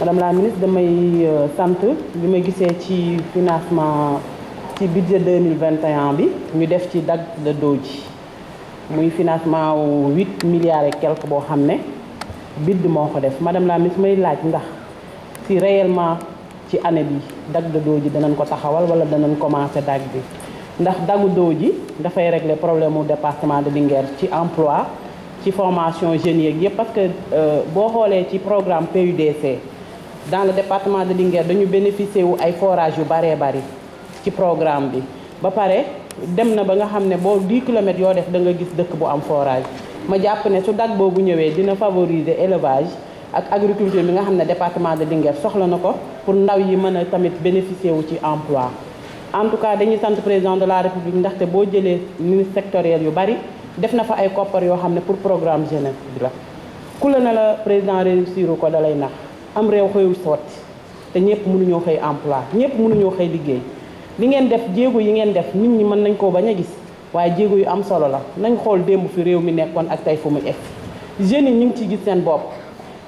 madame la ministre damay euh, sant bi ma gisee ci financement ci budget 2021 bi ñu def ci dag de doji. ji muy financement 8 8 milliards et quelques boo xam ne bidd def madame la ministre may laaj ndax si réellement ci année bi dag de doji, ji danañ ko taxawal wala danañ commencé dag bi ndax dagu doo problèmes au régler problème département de Linguère ci emploi ci formation génie. parce que vous euh, xoolee ci programme PUDC dans le département de Linguère dañu bénéficier wu ay forages yu baree bari ci programme bi ba pare dem na ba nga xamné bo 10 km yo def da nga gis dëkk bu am forage ma japp né su dag boobu ñëwé dina favoriser élevage ak agriculture bi nga xamné département de Linguère soxla nako pour ndaw yi mëna tamit bénéficier wu ci emploi en tout cas dañuy sant président de la république ndaxte boo jëlee ministre sectoriel yu bari def na fa ay koppar yo xamné pour programme jeunesse bi la ku la na la président réussir ko dalay nax am réew xëyul sotti te ñëpp mënuñoo xëy emploi ñëpp mënuñoo xëy liggéey li ngeen def jéego yi ngeen def nit ñi mën nañ koo bañ a gis waaye jéego yu am solo la nañ xool démb fi réew mi nekkoon ak tey fu mu egg jeunes yi ñu ngi ciy gis seen bopp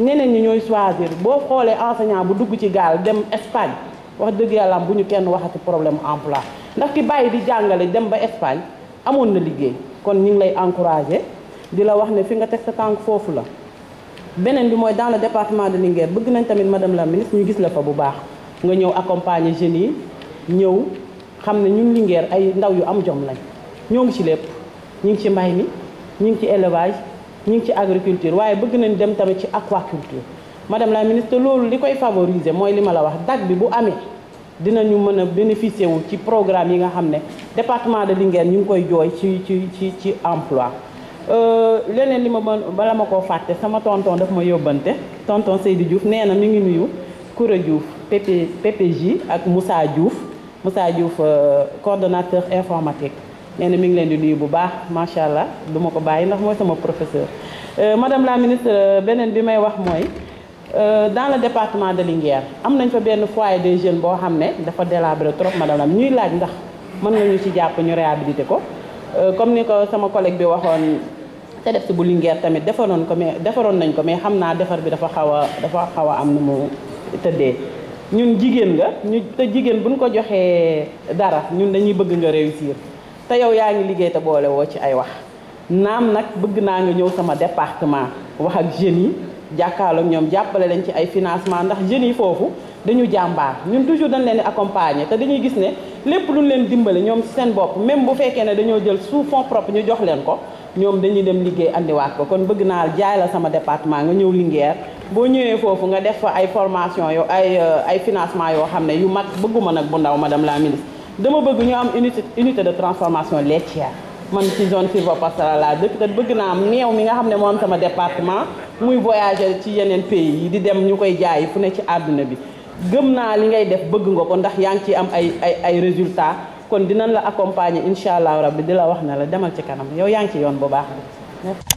ñeneen ñi ñooy choisir boo xoolee enseignant bu dugg ci gaal dem Espagne wax dëgg yàlla bu ñu kenn waxati problème emploi ndax ki bàyyi di jàngale dem ba Espagne amoon na liggéey kon ñu ngi lay encouragé di la wax ne fi nga teg sa tànk foofu la benen bi dans le département de Linguère bëgg nañ tamit madame la ministre ñu gis la fa bu baax nga ñëw accompagner jeunes yi ñëw xam ñun Linguère ay ndaw yu am jom lañ ñoo ngi ci lépp ñu ci élevage agriculture nañ dem aquaculture madame la ministre loolu li koy favoriser mooy li ma la wax dag bi bu programme yi nga département de Linguère ñu ngi koy jooy ci ci ci emploi euh, leneen li ma bala ma koo fàtte sama tonton daf ma yóbbante tonton Seydou Diouf nee na mi ngi nuyu Koura Diouf PP PPJ ak Moussa Diouf Moussa Diouf euh, coordonnateur informatique nee na mi ngi leen di nuyu bu baax macha allah du ma ko bàyyi ndax mooy sama professeur. Euh, madame la ministre beneen bi may wax mooy dans le département de Linguère am nañ fa benn foyer des jeunes boo xam ne dafa délabré trop madame la ñuy laaj ndax mën nga ñu ci jàpp ñu réhabiliter ko. Euh, comme ni ko sama collègue bi waxone té def ci bu Linguère tamit defaroon ko mais defaroon nañ ko mais xamna naa defar bi dafa xawa dafa xawa am numu mu ñun jigen nga ñu te jigen buñ ko joxé dara ñun dañuy bëgg nga réussir té yow yaangi liggéey té boole wo ci ay wax nam nak bëgg na nga ñëw sama département wax ak jeune yi ñom jappalé lañ ci ay financement ndax jeune yi foofu dañu jambar ñun toujours dañ leen accompagner té dañuy gis ne lépp lu ñu leen dimbale ñoom seen bop même bu féké né dañoo jël sous fonds propre ñu jox leen ko ñom dañuy dem liggéey andiwaat ko kon bëgg naa jaay la sama département nga ñëw Linguère bo ñëwee fofu nga def fa ay formation yo ay euh, ay financement yo xamné yu mag bëgguma nak bu ndaw madame la ministre dama bëgg ñu am unité unité de transformation laitière man ci zone sylvopastorale laa dëkk te bëgg na am meew mi nga xamné mo am sama département muy voyager ci yenen pays yi di dem ñu jaay fu ne ci aduna bi gëm naa li ngay def bëgg nga ko ndax yaa ngi ciy am ay ay ay résultats kon dinañ la accompagner incha allah rabbi di la wax na la demal ci kanam yow yaa ngi ci yoon bu baax bi.